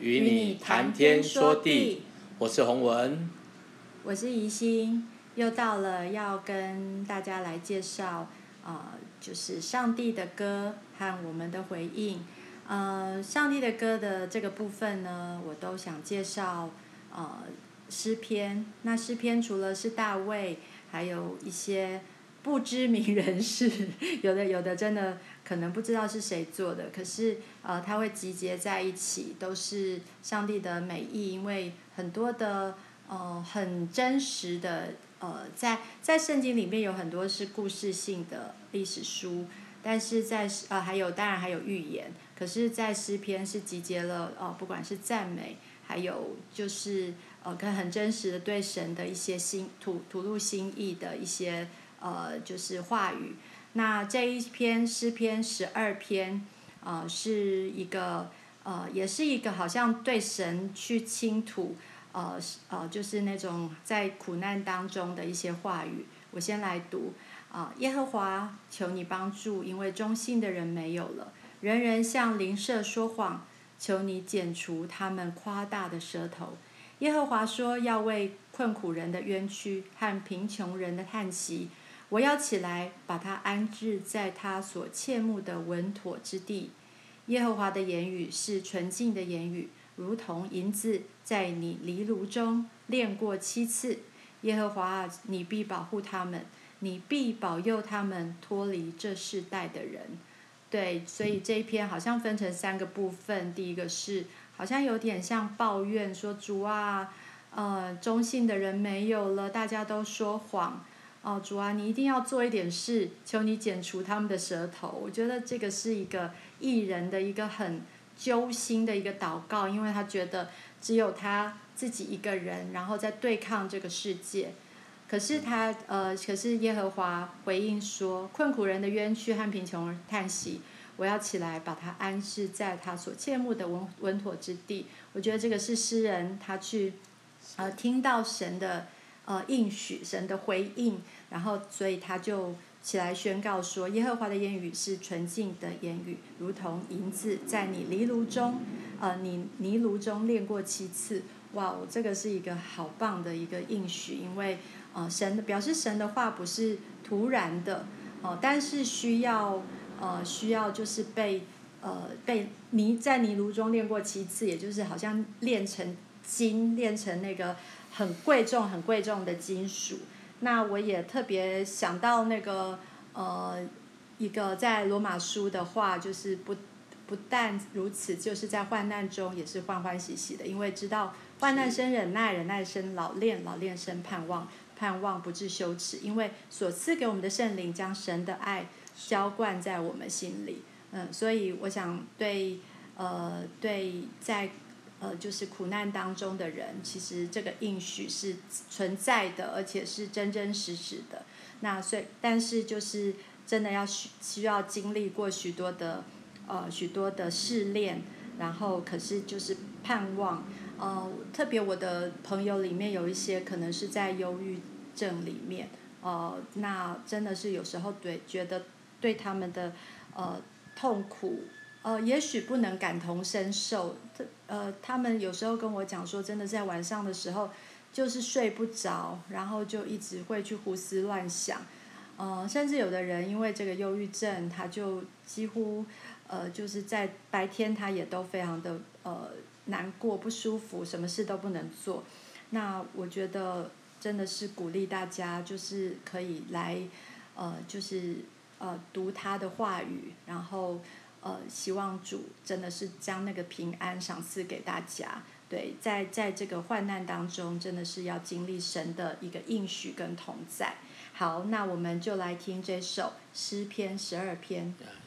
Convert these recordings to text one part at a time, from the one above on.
與你談天說地，我是洪文，我是宜心，又到了要跟大家來介紹，呃，就是上帝的歌和我們的回應。呃，上帝的歌的這個部分呢，我都想介紹，呃，詩篇。那詩篇除了是大衛，還有一些不知名人士，有的有的真的。可能不知道是誰做的，可是呃，他會集結在一起，都是上帝的美意。因為很多的呃很真實的呃，在在聖經裡面有很多是故事性的歷史書，但是在呃還有當然還有預言。可是，在詩篇是集結了呃不管是讚美，還有就是呃跟很真實的對神的一些心吐吐露心意的一些呃就是話語。那這一篇詩篇十二篇，呃，是一個呃，也是一個好像對神去傾吐，呃呃，就是那種在苦難當中的一些話語。我先來讀啊、呃，耶和華，求你幫助，因為忠信的人沒有了，人人向鄰舍說謊，求你剪除他們誇大的舌頭。耶和華說，要為困苦人的冤屈和貧窮人的嘆息。我要起來，把他安置在他所切慕的穩妥之地。耶和華的言語是純淨的言語，如同銀子在你泥爐中煉過七次。耶和華啊，你必保護他們，你必保佑他們脫離這世代的人。對，所以這一篇好像分成三個部分。第一個是好像有點像抱怨說，說主啊，呃，忠信的人沒有了，大家都說謊。哦，主啊，你一定要做一點事，求你剪除他們的舌頭。我覺得這個是一個藝人的一個很揪心的一個禱告，因為他覺得只有他自己一個人，然後在對抗這個世界。可是他呃，可是耶和華回應說：“困苦人的冤屈和貧窮人嘆息，我要起來，把他安置在他所切慕的穩穩妥之地。”我覺得這個是詩人他去呃聽到神的。呃，應許神的回應，然後所以他就起來宣告說：“耶和華的言語是純淨的言語，如同銀子在你泥爐中，呃，你泥爐中煉過七次。哇哦”哇，我這個是一個好棒的一個應許，因為呃，神表示神的話不是突然的，呃，但是需要呃，需要就是被呃被泥在泥爐中煉過七次，也就是好像煉成金，煉成那個。很貴重、很貴重的金屬。那我也特別想到那個，呃，一個在羅馬書的話，就是不不但如此，就是在患難中也是歡歡喜喜的，因為知道患難生忍耐，忍耐生老練，老練生盼望，盼望不至羞恥。因為所賜給我們的聖靈將神的愛澆灌在我們心裡。嗯，所以我想對，呃，對，在。呃，就是苦難當中的人，其實這個應許是存在的，而且是真真實實的。那所以，但是就是真的要需需要經歷過許多的呃許多的試煉，然後可是就是盼望。呃，特別我的朋友裡面有一些可能是在憂鬱症裡面，呃，那真的是有時候對覺得對他們的呃痛苦。呃，也許不能感同身受，這呃，他們有時候跟我講說，真的在晚上的時候就是睡不着，然後就一直會去胡思亂想，呃，甚至有的人因為這個憂鬱症，他就幾乎呃就是在白天他也都非常的呃難過不舒服，什麼事都不能做。那我覺得真的是鼓勵大家，就是可以來呃，就是呃讀他的話語，然後。呃，希望主真的是將那個平安賞賜給大家。對，在在這個患難當中，真的是要經歷神的一個應許跟同在。好，那我們就來聽這首詩篇十二篇。Yeah.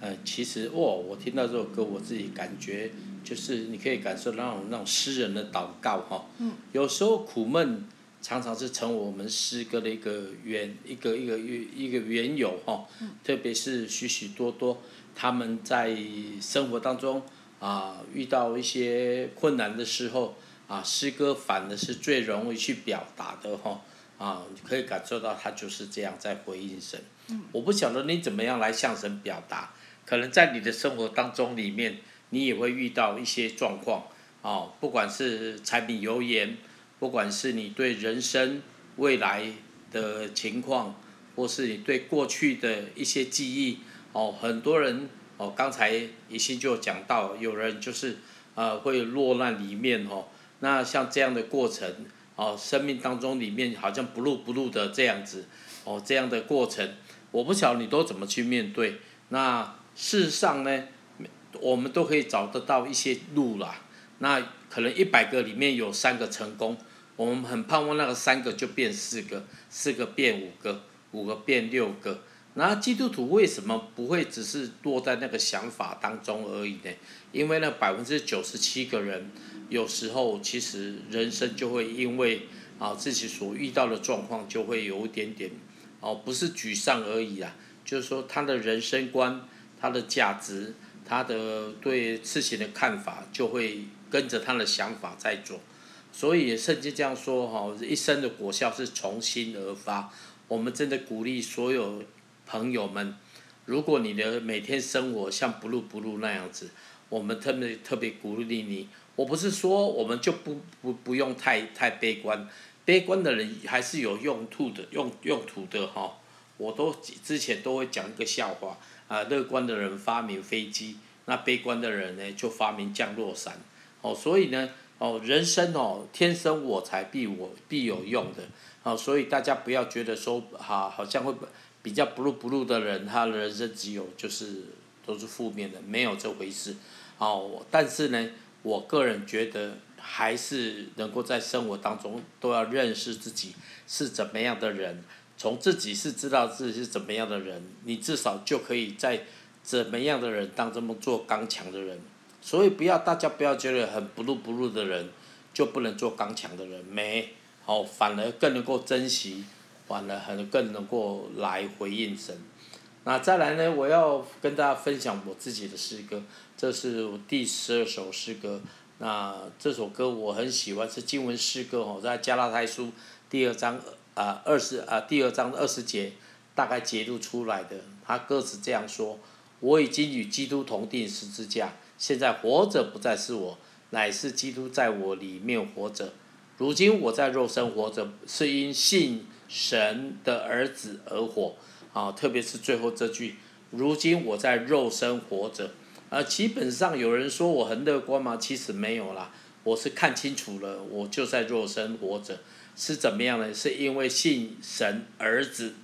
呃，其實哦，我聽到這首歌，我自己感覺就是你可以感受到那種，那種詩人的禱告哈、哦嗯。有時候苦悶常常是成為我們詩歌的一個原一個一個一個緣由哈、哦嗯。特別是許許多多他們在生活當中啊遇到一些困難的時候啊，詩歌反而是最容易去表達的哈、哦。啊，你可以感受到他就是這樣在回應神。嗯、我不曉得你怎麼樣來向神表達。可能在你的生活當中裡面，你也會遇到一些狀況，哦，不管是柴米油鹽，不管是你對人生未來的情況，或是你對過去的一些記憶哦，很多人哦，剛才一心就講到，有人就是呃會落難裡面哦，那像這樣的過程哦，生命當中裡面好像不露不露的這樣子哦，這樣的過程，我不曉得你都怎麼去面對那。事實上呢，我們都可以找得到一些路啦。那可能一百個裡面有三個成功，我們很盼望那個三個就變四個，四個變五個，五個變六個。那基督徒為什麼不會只是落在那個想法當中而已呢？因為那百分之九十七個人有時候其實人生就會因為啊自己所遇到的狀況就會有一點點哦，不是沮喪而已啊，就是說他的人生觀。他的價值，他的對事情的看法，就會跟着他的想法在做，所以甚至這樣說哈，一生的果效是重心而發。我們真的鼓勵所有朋友們，如果你的每天生活像不 l 不 e 那樣子，我們特別特別鼓勵你。我不是說我們就不不不用太太悲觀，悲觀的人還是有用途的用用途的哈。我都之前都會講一個笑話啊、呃，樂觀的人發明飛機，那悲觀的人呢就發明降落傘。哦，所以呢，哦，人生哦，天生我材必我必有用的。哦，所以大家不要覺得說，哈、啊，好像會比較不入不入的人，他的人生只有就是都是負面的，沒有這回事。哦，但是呢，我個人覺得還是能夠在生活當中都要認識自己是怎麼樣的人。從自己是知道自己是怎麼樣的人，你至少就可以在怎麼樣的人當中做剛強的人。所以不要大家不要覺得很不入不入的人就不能做剛強的人。沒好、哦，反而更能夠珍惜，反而更能夠來回應神。那再來呢，我要跟大家分享我自己的詩歌，這是我第十二首詩歌。那這首歌我很喜歡，是經文詩歌哦，在加拉太書第二章。啊，二十啊，第二章二十節大概節錄出來的，他歌詞這樣說：我已經與基督同釘十字架，現在活着不再是我，乃是基督在我裡面活着。如今我在肉身活着，是因信神的兒子而活。啊，特別是最後這句：如今我在肉身活着。啊，基本上有人說我很樂觀嗎？其實沒有啦，我是看清楚了，我就在肉身活着。是怎麼樣呢？是因為信神兒子，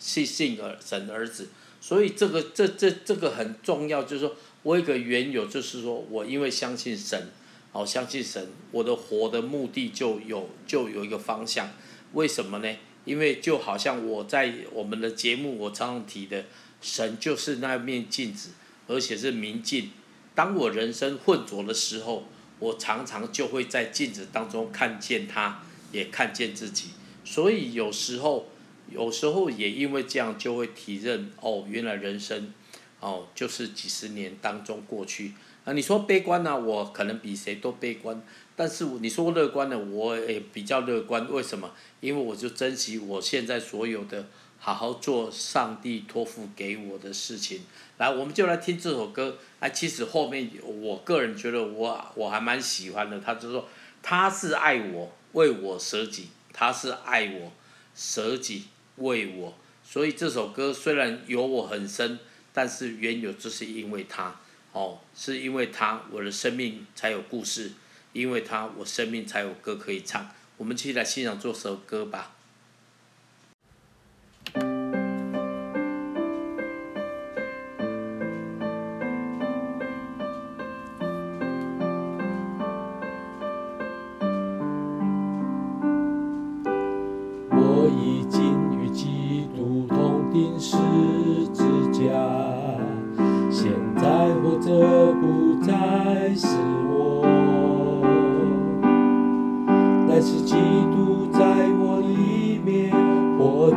信兒神兒子，所以這個這這這個很重要。就是說我有一個緣由，就是說我因為相信神，好相信神，我的活的目的就有就有一個方向。為什麼呢？因為就好像我在我們的節目，我常常提的，神就是那面鏡子，而且是明鏡。當我人生混濁的時候，我常常就會在鏡子當中看見他，也看見自己，所以有時候，有時候也因為這樣就會體認，哦，原來人生哦就是幾十年當中過去。那、啊、你說悲觀呢、啊？我可能比誰都悲觀。但是你說樂觀呢、啊？我也比較樂觀。為什麼？因為我就珍惜我現在所有的，好好做上帝托付給我的事情。來，我們就來聽這首歌。啊，其實後面我個人覺得我我還蠻喜歡的。他就說祂是愛我。為我捨己，他是愛我，捨己為我，所以這首歌雖然有我很深，但是緣由就是因為他，哦，是因為他，我的生命才有故事，因為他，我生命才有歌可以唱。我們一起來欣賞這首歌吧。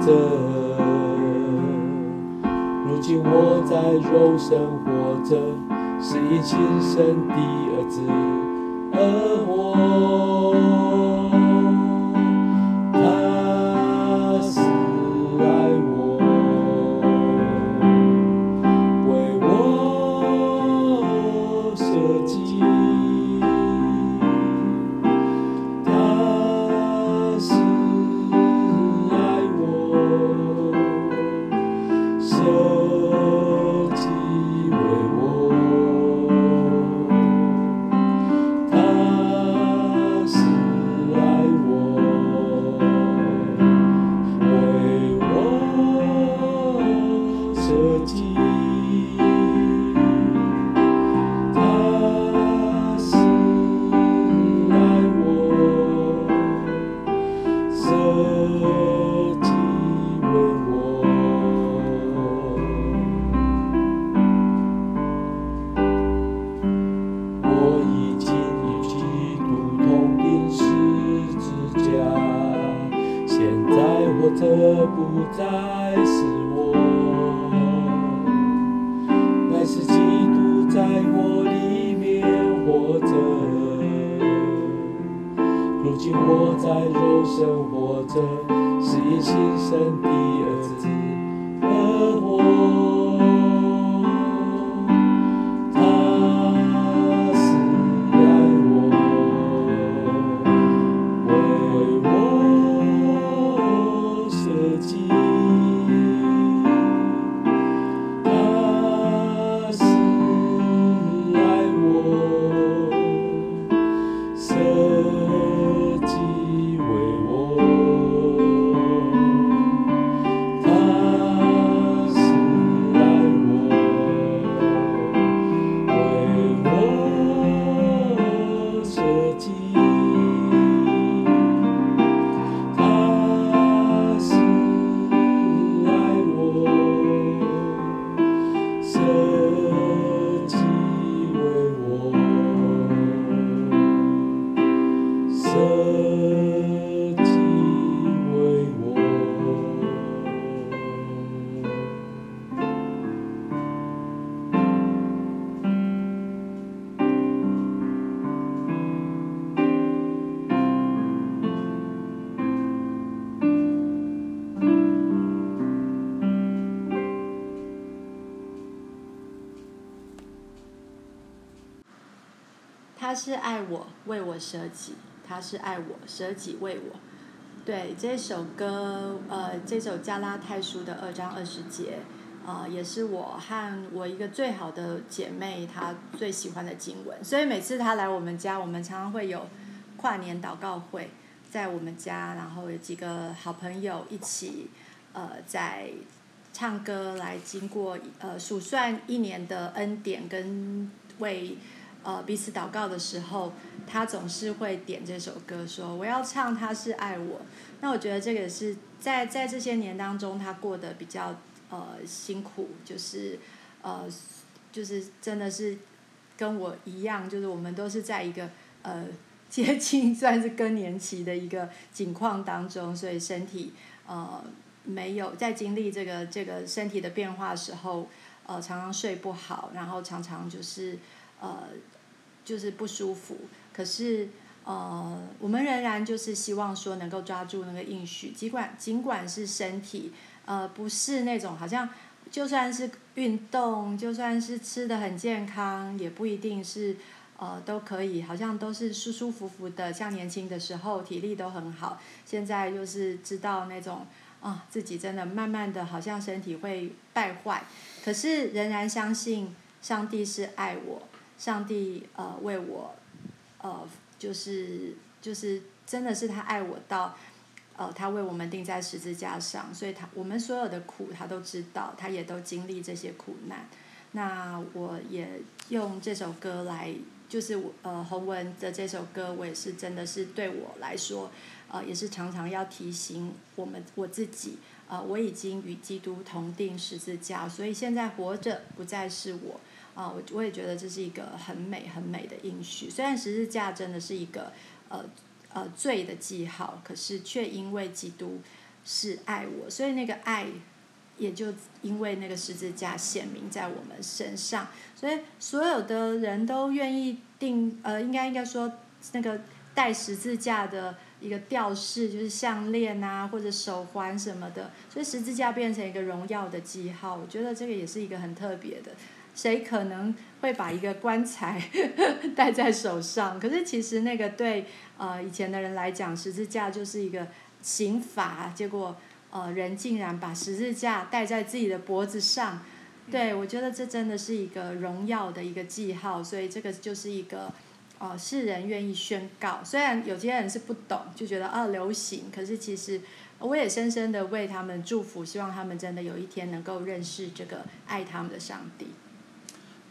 如今我在肉身活着，是因親生的兒子而活乃是我，乃是基督在我裡面活着。如今我在肉身活着，是因信神的兒子。他是愛我，為我捨己；他是愛我，捨己為我。對，這首歌，呃，這首加拉太書的二章二十節，啊、呃，也是我和我一個最好的姐妹她最喜歡的經文。所以每次她來我們家，我們常常會有跨年禱告會，在我們家，然後有幾個好朋友一起，呃，在唱歌來經過，呃，數算一年的恩典跟為。呃，彼此禱告的時候，他總是會點這首歌說，說我要唱，他是愛我。那我覺得這個是在在這些年當中，他過得比較呃辛苦，就是呃就是真的是跟我一樣，就是我們都是在一個呃接近算是更年期的一個境況當中，所以身體呃沒有在經歷這個這個身體的變化的時候，呃常常睡不好，然後常常就是。呃，就是不舒服，可是呃，我們仍然就是希望說能夠抓住那個應許，儘管儘管是身體，呃，不是那種好像就算是運動，就算是吃的很健康，也不一定是呃都可以，好像都是舒舒服服的，像年輕的時候體力都很好，現在就是知道那種啊、呃、自己真的慢慢的好像身體會敗壞，可是仍然相信上帝是愛我。上帝，呃，為我，呃，就是就是，真的是他愛我到，呃，他為我們釘在十字架上，所以他我們所有的苦他都知道，他也都經歷這些苦難。那我也用這首歌來，就是我，呃，洪文的這首歌，我也是真的是對我來說，呃，也是常常要提醒我們我自己，呃，我已經與基督同釘十字架，所以現在活着不再是我。啊、哦，我我也覺得這是一個很美很美的應許。雖然十字架真的是一個，呃呃罪的記號，可是卻因為基督是愛我，所以那個愛也就因為那個十字架顯明在我們身上。所以所有的人都願意定，呃，應該應該說那個帶十字架的一個吊飾，就是項鏈啊或者手環什麼的。所以十字架變成一個榮耀的記號，我覺得這個也是一個很特別的。誰可能會把一個棺材戴在手上？可是其實那個對呃以前的人來講，十字架就是一個刑罰。結果呃人竟然把十字架戴在自己的脖子上，對，我覺得這真的是一個榮耀的一個記號。所以這個就是一個、呃，哦世人願意宣告，雖然有些人是不懂，就覺得哦、啊、流行，可是其實我也深深的為他們祝福，希望他們真的有一天能夠認識這個愛他們的上帝。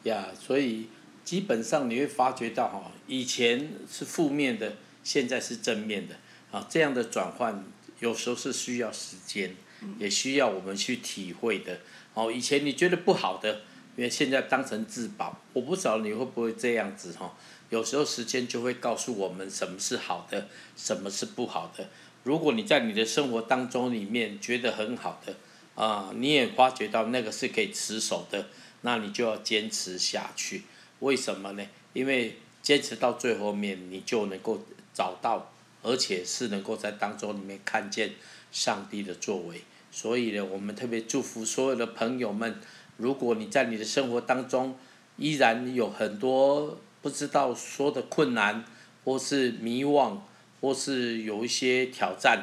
呀、yeah，所以基本上你會發覺到哈，以前是負面的，現在是正面的啊。這樣的轉換有時候是需要時間，也需要我們去體會的。哦，以前你覺得不好的，因為現在當成至寶。我不知道你會不會這樣子哈。有時候時間就會告訴我們什麼是好的，什麼是不好的。如果你在你的生活當中裡面覺得很好的啊，你也發覺到那個是可以持守的，那你就要堅持下去，為什麼呢？因為堅持到最後面，你就能夠找到，而且是能夠在當中裡面看見上帝的作為。所以呢，我們特別祝福所有的朋友們，如果你在你的生活當中依然有很多不知道說的困難，或是迷惘，或是有一些挑戰，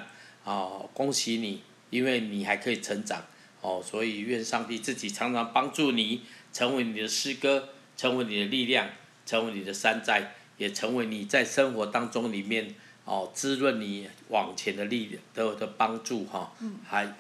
啊，恭喜你，因為你還可以成長。哦，所以願上帝自己常常幫助你，成為你的詩歌，成為你的力量，成為你的山寨，也成為你在生活當中裡面哦滋潤你往前的力量的的幫助哈、哦。嗯。嗨。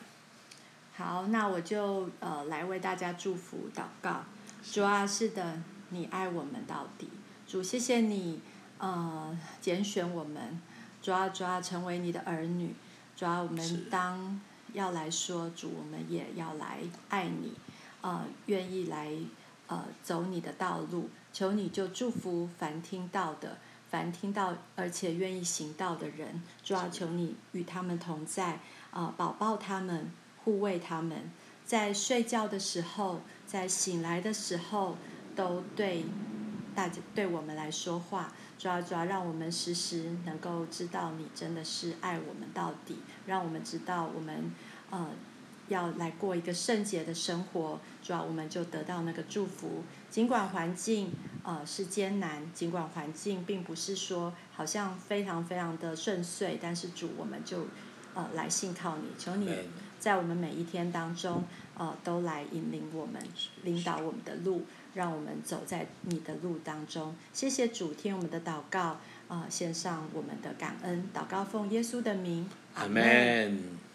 好，那我就呃來為大家祝福禱告。主啊，是的，你愛我們到底。主，謝謝你，呃，揀選我們。主啊，主啊，成為你的兒女。主啊，我們當。要來說主，我們也要來愛你，呃，願意來呃走你的道路。求你就祝福凡聽到的，凡聽到而且願意行道的人，主要求你與他們同在啊，保、呃、抱他們，護衛他們，在睡覺的時候，在醒來的時候都對大家對我們來說話。主啊，主啊，讓我們時時能夠知道你真的是愛我們到底，讓我們知道我們，呃，要來過一個聖潔的生活，主要我們就得到那個祝福。盡管環境呃是艱難，盡管環境並不是說好像非常非常的順遂，但是主，我們就呃來信靠你，求你在我們每一天當中呃都來引領我們，領導我們的路。讓我們走在你的路當中，謝謝主聽我們的禱告，啊、呃，獻上我們的感恩，禱告奉耶穌的名，阿門。